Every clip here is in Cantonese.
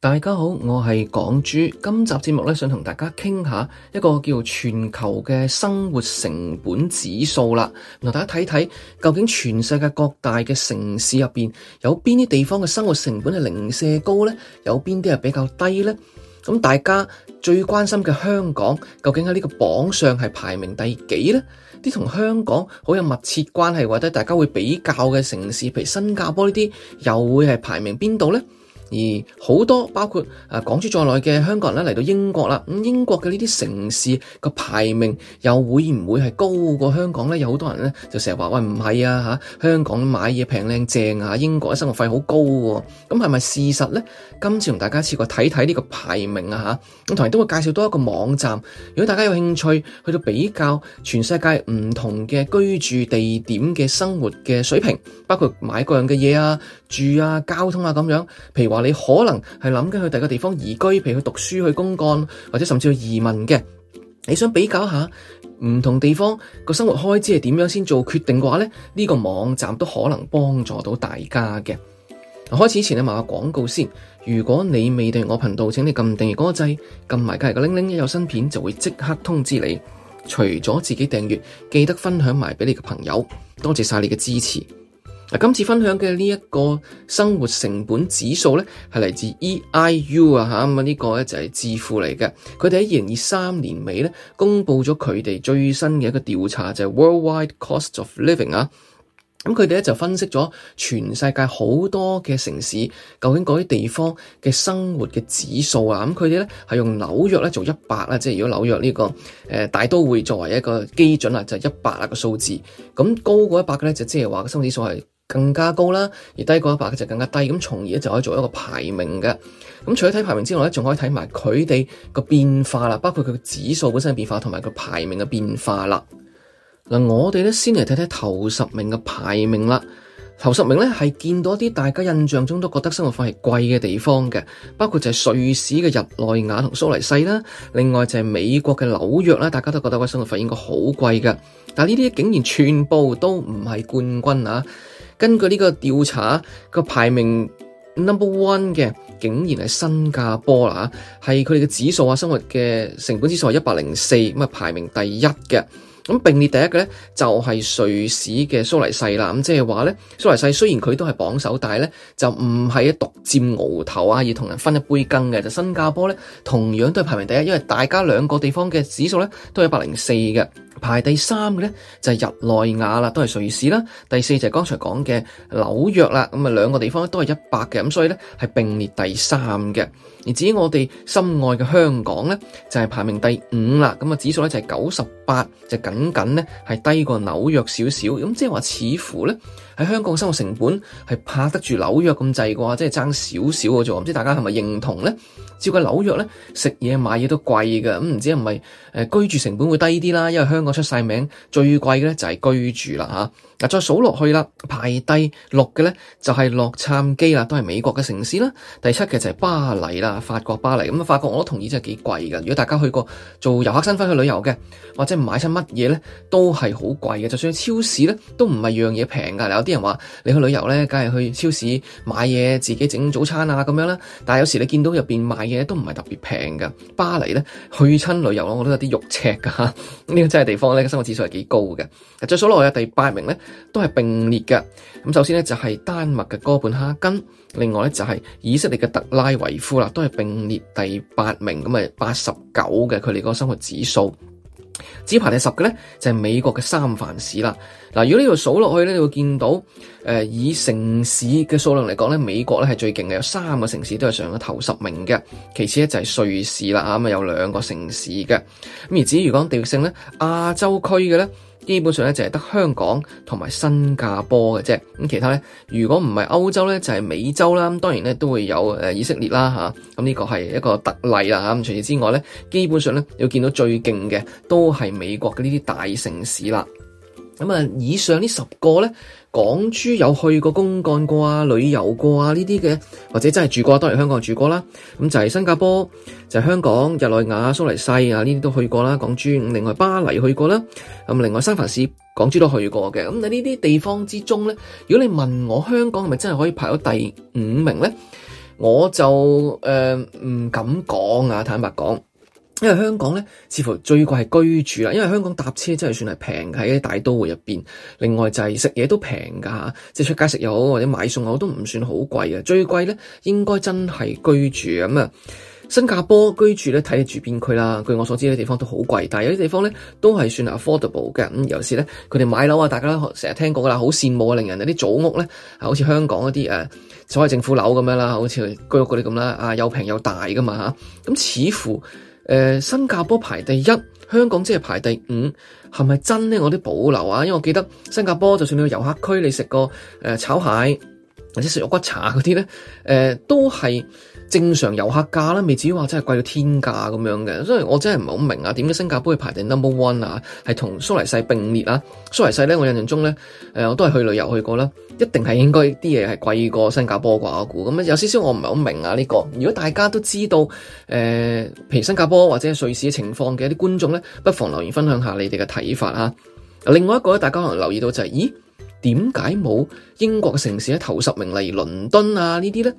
大家好，我係港豬。今集節目想同大家傾下一個叫全球嘅生活成本指數啦。同大家睇睇究竟全世界各大嘅城市入面，有邊啲地方嘅生活成本係零舍高呢？有邊啲係比較低呢？咁大家最關心嘅香港，究竟喺呢個榜上係排名第幾呢？啲同香港好有密切關係或者大家會比較嘅城市，譬如新加坡呢啲，又會係排名邊度呢？而好多包括啊港豬在內嘅香港人咧嚟到英國啦，咁、嗯、英國嘅呢啲城市個排名又會唔會係高過香港咧？有好多人咧就成日話，喂，唔係啊吓，香港買嘢平靚正啊，英國嘅生活費好高喎，啊，咁係咪事實咧？今次同大家試過睇睇呢個排名啊吓，咁、嗯、同時都會介紹多一個網站，如果大家有興趣去到比較全世界唔同嘅居住地點嘅生活嘅水平，包括買各樣嘅嘢啊、住啊、交通啊咁樣，譬如話。你可能係諗緊去第個地方移居，譬如去讀書、去公幹，或者甚至去移民嘅。你想比較下唔同地方個生活開支係點樣先做決定嘅話咧，呢個網站都可能幫助到大家嘅。開始之前你問下廣告先。如果你未訂閱我頻道，請你撳訂閱嗰個掣，撳埋隔籬個鈴鈴，一有新片就會即刻通知你。除咗自己訂閱，記得分享埋俾你嘅朋友。多謝晒你嘅支持。今次分享嘅呢一個生活成本指數呢，係嚟自 EIU 啊嚇，咁呢個咧就係智庫嚟嘅，佢哋喺二零二三年尾呢，公布咗佢哋最新嘅一個調查，就係、是、Worldwide Cost of Living 啊。咁佢哋咧就分析咗全世界好多嘅城市，究竟嗰啲地方嘅生活嘅指數啊，咁佢哋咧係用紐約咧做一百啦，即係如果紐約呢、這個誒、呃、大都會作為一個基準啦，就係一百啊個數字，咁高過一百嘅呢，就即係話個生活指數係，更加高啦，而低過一百嘅就更加低，咁從而咧就可以做一個排名嘅。咁除咗睇排名之外咧，仲可以睇埋佢哋個變化啦，包括佢個指數本身嘅變化同埋個排名嘅變化啦。嗱，我哋咧先嚟睇睇頭十名嘅排名啦。頭十名咧係見到一啲大家印象中都覺得生活費係貴嘅地方嘅，包括就係瑞士嘅日內瓦同蘇黎世啦，另外就係美國嘅紐約啦，大家都覺得嗰生活費應該好貴㗎，但呢啲竟然全部都唔係冠軍啊！根據呢個調查，個排名 number one 嘅竟然係新加坡啦，係佢哋嘅指數啊，生活嘅成本指數係一百零四，咁排名第一嘅。咁並列第一嘅呢，就係、是、瑞士嘅蘇黎世啦，咁即係話呢，蘇黎世雖然佢都係榜首，但係呢就唔係獨佔鰲頭啊，要同人分一杯羹嘅就新加坡呢，同樣都係排名第一，因為大家兩個地方嘅指數呢都係一百零四嘅。排第三嘅呢，就係、是、日內瓦啦，都係瑞士啦。第四就係剛才講嘅紐約啦，咁啊兩個地方都係一百嘅，咁所以呢，係並列第三嘅。而至於我哋心愛嘅香港呢，就係、是、排名第五啦，咁、那、啊、個、指數呢，就係九十八，就近。僅僅咧，係低過紐約少少，咁即係話似乎咧。喺香港嘅生活成本係拍得住紐約咁滯啩，即係爭少少嘅啫喎，唔知大家係咪認同呢？照計紐約呢，食嘢買嘢都貴嘅，咁唔知係咪誒居住成本會低啲啦？因為香港出曬名，最貴嘅咧就係居住啦。嗱，再數落去啦，排第六嘅呢就係洛杉磯啦，都係美國嘅城市啦。第七嘅就係巴黎啦，法國巴黎。咁法國我都同意真係幾貴嘅。如果大家去過做遊客身份去旅遊嘅，或者買親乜嘢咧，都係好貴嘅。就算超市呢，都唔係樣嘢平㗎，有啲人話你去旅遊咧，梗係去超市買嘢，自己整早餐啊咁樣啦。但係有時你見到入邊賣嘢都唔係特別平㗎。巴黎咧去親旅遊，我覺得有啲肉赤㗎 呢個真係地方咧，個生活指數係幾高嘅。再數落去啊，第八名咧都係並列嘅。咁首先咧就係、是、丹麥嘅哥本哈根，另外咧就係、是、以色列嘅特拉維夫啦，都係並列第八名咁啊，八十九嘅佢哋個生活指數。只排第十嘅呢，就係、是、美國嘅三藩市啦。如果呢度數落去咧，你就會見到，呃、以城市嘅數量嚟講咧，美國咧係最勁嘅，有三個城市都係上咗頭十名嘅。其次咧就係、是、瑞士啦，啊、嗯，咁有兩個城市嘅。而至於講地域性呢，亞洲區嘅呢。基本上咧就係得香港同埋新加坡嘅啫，咁其他咧如果唔係歐洲咧就係、是、美洲啦，咁當然咧都會有以色列啦咁呢、這個係一個特例啦吓，除此之外咧基本上咧要見到最勁嘅都係美國嘅呢啲大城市啦。以上呢十個呢，港珠有去過公幹過啊、旅遊過啊呢啲嘅，或者真係住過，當然香港住過啦。咁就係新加坡，就係、是、香港、日內瓦、蘇黎世啊，呢啲都去過啦，港珠。另外巴黎去過啦，咁另外三藩市港珠都去過嘅。咁喺呢啲地方之中呢，如果你問我香港係咪真係可以排到第五名呢，我就誒唔、呃、敢講啊，坦白講。因為香港咧，似乎最貴係居住啦。因為香港搭車真係算係平喺啲大都會入邊，另外就係食嘢都平噶吓，即係出街食又好，或者買餸又好，都唔算好貴嘅。最貴咧，應該真係居住咁啊。新加坡居住咧，睇你住邊區啦。據我所知，啲地方都好貴，但係有啲地方咧都係算 affordable 嘅。咁有時咧，佢哋買樓啊，大家都成日聽過噶啦，好羨慕啊，令人哋啲祖屋咧，好似香港一啲誒所謂政府樓咁樣啦，好似居屋嗰啲咁啦，啊又平又大噶嘛吓，咁似乎。誒、呃、新加坡排第一，香港即係排第五，係咪真咧？我都保留啊，因為我記得新加坡就算你去遊客區，你食個誒炒蟹或者食肉骨茶嗰啲咧，誒、呃、都係，正常遊客價啦，未至於話真係貴到天價咁樣嘅，所以我真係唔係好明啊，點解新加坡佢排定 number one 啊，係同蘇黎世並列啊。蘇黎世咧，我印象中咧，誒、呃、我都係去旅遊去過啦，一定係應該啲嘢係貴過新加坡啩？我估咁有少少我唔係好明啊呢、呢個。如果大家都知道，誒、呃、譬如新加坡或者瑞士嘅情況嘅一啲觀眾咧，不妨留言分享下你哋嘅睇法嚇、啊。另外一個咧，大家可能留意到就係、係，咦點解冇英國嘅城市喺頭十名嚟，例如倫敦啊呢啲咧？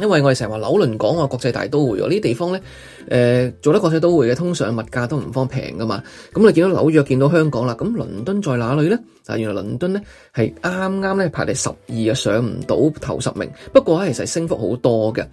因為我哋成日話紐倫港啊，國際大都會啊，呢啲地方呢，誒、呃、做得國際都會嘅，通常物價都唔方平㗎嘛。咁你見到紐約，見到香港啦，咁倫敦在哪裏呢？原來倫敦呢係啱啱呢排第十二啊，上唔到頭十名。不過咧，其實升幅好多嘅，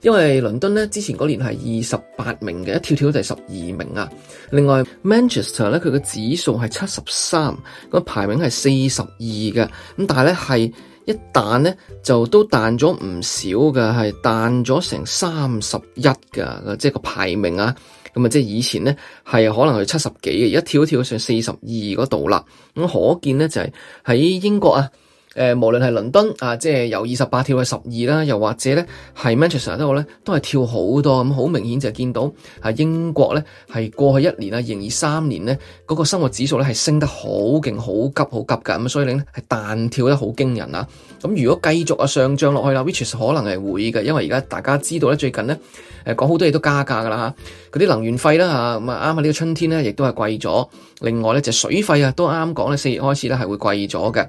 因為倫敦呢之前嗰年係二十八名嘅，一跳跳到第十二名啊。另外 Manchester 呢，佢嘅指數係七十三，個排名係四十二嘅，咁但係呢係，是一彈呢，就都彈咗唔少嘅，係彈咗成三十一嘅，即係個排名啊！咁啊，即係以前呢，係可能係七十幾嘅，而家一跳跳上四十二嗰度啦。咁可見呢，就係喺英國啊。誒，無論係倫敦啊，即係由二十八跳到十二啦，又或者咧係 Manchester 都好咧，都係跳好多咁，好明顯就係見到啊英國呢，係過去一年啊，二零二三年呢，嗰、嗰個生活指數呢係升得好勁、好急、好急㗎，咁，所以你呢係彈跳得好驚人啊！咁如果繼續啊上漲落去啦，Whiches 可能係會嘅，因為而家大家知道呢，最近呢誒講好多嘢都加價㗎啦嚇，嗰啲能源費啦吓，咁啊啱啊呢個春天呢，亦都係貴咗，另外呢，就係、水費啊都啱啱講咧四月開始呢係會貴咗嘅。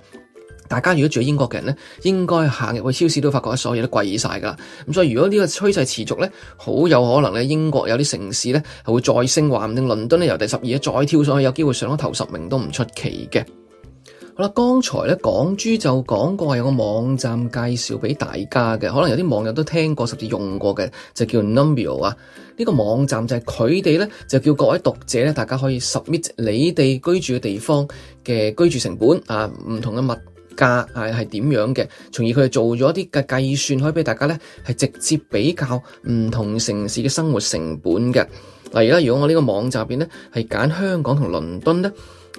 大家如果住喺英國嘅人咧，應該行入去超市都發覺，所有嘢都貴晒㗎啦。咁所以如果呢個趨勢持續咧，好有可能咧，英國有啲城市咧係會再升，話唔定倫敦咧由第十二再跳上去，有機會上到頭十名都唔出奇嘅。好啦，剛才咧港豬就講過有個網站介紹俾大家嘅，可能有啲網友都聽過甚至用過嘅，就叫 Numbeo 啊。呢個網站就係佢哋咧就叫各位讀者咧，大家可以 submit 你哋居住嘅地方嘅居住成本啊，唔同嘅物。價係係點樣嘅，從而佢哋做咗一啲嘅計算，可以俾大家咧係直接比較唔同城市嘅生活成本嘅。例如咧，如果我呢個網站入邊咧係揀香港同倫敦咧，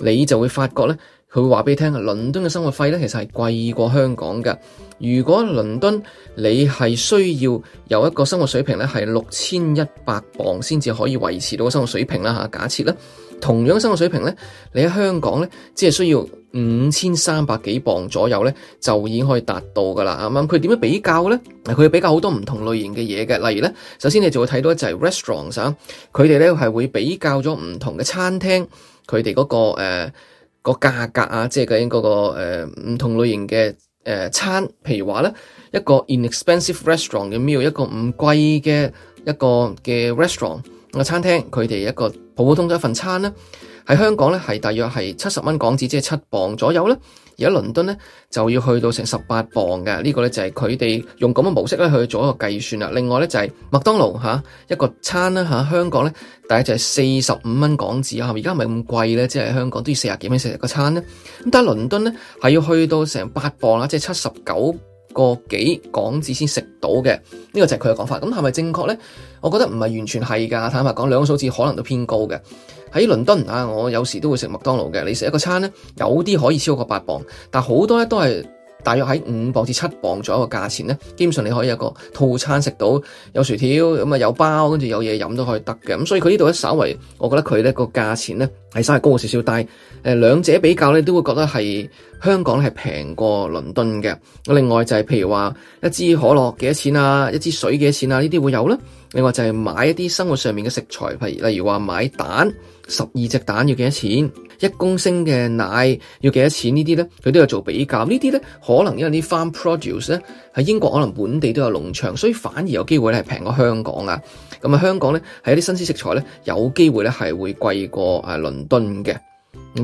你就會發覺咧，佢會話俾你聽啊，倫敦嘅生活費咧其實係貴過香港嘅。如果倫敦你係需要有一個生活水平咧係六千一百鎊先至可以維持到個生活水平啦，吓，假設啦，同樣嘅生活水平咧，你喺香港咧只係需要。五千三百幾磅左右咧，就已經可以達到㗎啦。咁佢點樣比較咧？嗱，佢比較好多唔同類型嘅嘢嘅。例如咧，首先你就會睇到就係 restaurant 啊，佢哋咧係會比較咗唔同嘅餐廳，佢哋嗰個誒個價格啊，即係究竟嗰個誒唔同類型嘅誒餐。譬如話咧，一個 inexpensive restaurant 嘅 meal，一個唔貴嘅一個嘅 restaurant 嘅餐廳，佢哋一個普普通通一份餐咧。喺香港呢，係大約係七十蚊港紙，即係七磅左右啦。而喺倫敦呢，就要去到成十八磅嘅。呢、呢個呢就係佢哋用咁嘅模式去做一個計算啦。另外呢，就係麥當勞吓一個餐啦吓，喺香港呢，大約就係四十五蚊港紙。而家唔係咁貴呢，即係香港都要四十幾蚊食個餐呢。但係倫敦呢，係要去到成八磅啦，即係七十九個幾港紙先食到嘅，呢個就係佢嘅講法。咁係咪正確咧？我覺得唔係完全係㗎。坦白講，兩個數字可能都偏高嘅。喺倫敦啊，我有時都會食麥當勞嘅。你食一個餐咧，有啲可以超過八磅，但好多咧都係。大約喺五磅至七磅左右個價錢咧，基本上你可以有個套餐食到有薯條有包，跟住有嘢飲都可以得嘅。咁所以佢呢度咧稍微，我覺得佢咧個價錢咧係稍微高少少。但係兩者比較咧，都會覺得係香港係平過倫敦嘅。另外就係譬如話一支可樂幾多錢啊，一支水幾多錢啊，呢啲會有啦。另外就係買一啲生活上面嘅食材，譬如例如話買蛋十二隻蛋要幾多錢？一公升嘅奶要幾多錢？呢啲呢？佢都有做比較。呢啲呢，可能因為啲 farm produce 咧，喺英國可能本地都有農場，所以反而有機會咧平過香港啊。咁、嗯、啊，香港呢，係一啲新鮮食材呢，有機會咧係會貴過倫敦嘅。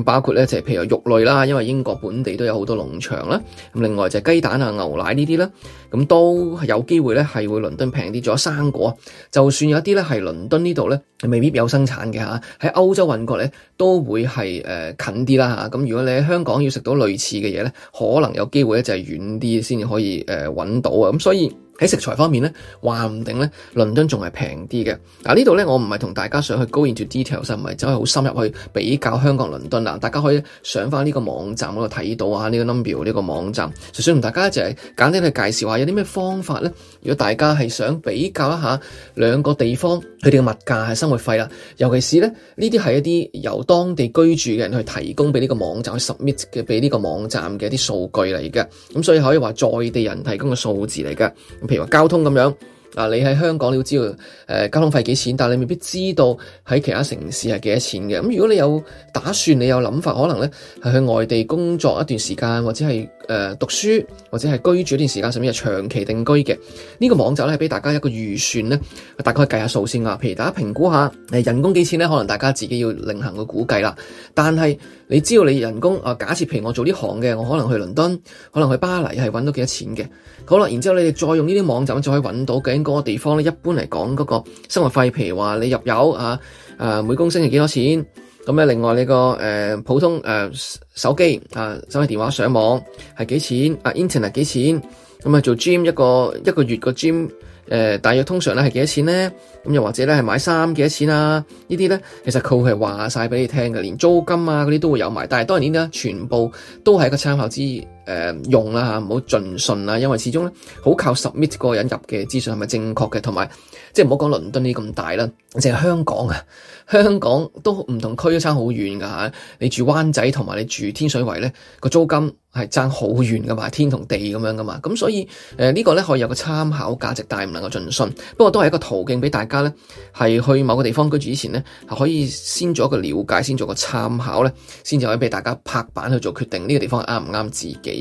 包括呢就係譬如肉類啦，因為英國本地都有好多農場啦。另外就係雞蛋啊、牛奶呢啲啦，咁都有機會呢係會倫敦平啲。仲有生果，就算有一啲呢係倫敦呢度呢，未必有生產嘅嚇。喺歐洲運過嚟呢，都會係誒近啲啦嚇。咁如果你喺香港要食到類似嘅嘢呢，可能有機會咧就係遠啲先至可以誒揾到啊。咁所以。喺食材方面呢，話唔定呢，倫敦仲係平啲嘅。嗱、啊、呢度咧，我唔係同大家上去 go into details，唔係走係好深入去比較香港、倫敦啦。大家可以上翻呢個網站嗰度睇到啊，呢、這個 Numbeo 呢個網站。純粹同大家就係簡單嘅介紹一下，有啲咩方法呢？如果大家係想比較一下兩個地方佢哋嘅物價係生活費啦，尤其是咧呢啲係一啲由當地居住嘅人去提供俾呢個網站去 submit 嘅，俾呢個網站嘅一啲數據嚟嘅。咁所以可以話在地人提供嘅數字嚟嘅。譬如話交通咁樣。嗱，你喺香港，你要知道誒、呃、交通費幾錢，但你未必知道喺其他城市係幾多錢嘅。咁如果你有打算，你有諗法，可能呢係去外地工作一段時間，或者係誒、呃、讀書，或者係居住一段時間，甚至係長期定居嘅。呢個網站呢，俾大家一個預算呢，大家可以計下數先啊，譬如大家評估下誒、呃、人工幾錢呢，可能大家自己要另行去估計啦。但係你知道你人工啊、呃，假設譬如我做呢行嘅，我可能去倫敦，可能去巴黎係揾到幾多錢嘅。好啦，然之後你哋再用呢啲網站就可以揾到個地方咧，一般嚟講，嗰個生活費，譬如話你入油啊，誒每公升係幾多錢？咁咧，另外你個誒、呃、普通誒、呃、手機啊，手機電話上網係幾錢？啊，internet 幾錢？咁啊，做 gym 一個一個月個 gym 誒，大約通常咧係幾多錢咧？咁又或者咧係買衫幾多錢啊？呢啲咧其實佢係話晒俾你聽嘅，連租金啊嗰啲都會有埋。但係當然啦，全部都係個參考之誒、嗯、用啦嚇，唔好盡信啦，因為始終咧好靠 submit 嗰個人入嘅資訊係咪正確嘅，同埋即係唔好講倫敦呢啲咁大啦，淨係香港啊，香港都唔同區都差好遠㗎嚇。你住灣仔同埋你住天水圍咧，個租金係爭好遠㗎嘛，天同地咁樣㗎嘛，咁所以誒、呃這個、呢個咧可以有個參考價值，但係唔能夠盡信。不過都係一個途徑俾大家咧，係去某個地方居住之前咧，係可以先做一個了解，先做個參考咧，先至可以俾大家拍板去做決定，呢、這個地方啱唔啱自己。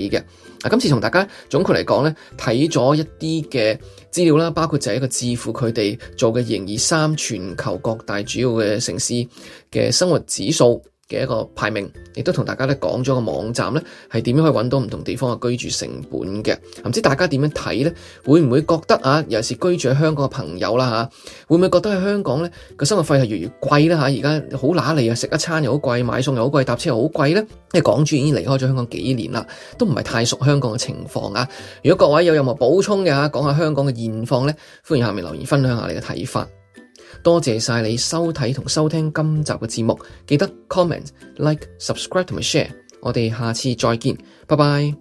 今次同大家總括嚟講呢，睇咗一啲嘅資料啦，包括就係一個智庫佢哋做嘅《2023全球各大主要嘅城市嘅生活指數》嘅一個排名，亦都同大家咧講咗個網站咧，係點樣可以揾到唔同地方嘅居住成本嘅。唔知道大家點樣睇呢？會唔會覺得啊？尤其是居住喺香港嘅朋友啦嚇，會唔會覺得喺香港咧個生活費係越嚟越貴呢？嚇？而家好揦脷啊，食一餐又好貴，買餸又好貴，搭車又好貴呢？因為港豬已經離開咗香港幾年啦，都唔係太熟香港嘅情況啊。如果各位有任何補充嘅嚇，講下香港嘅現況呢，歡迎下面留言分享下你嘅睇法。多謝晒你收睇同收聽今集嘅節目，記得 comment、like、subscribe 同 share。我哋下次再見，拜拜。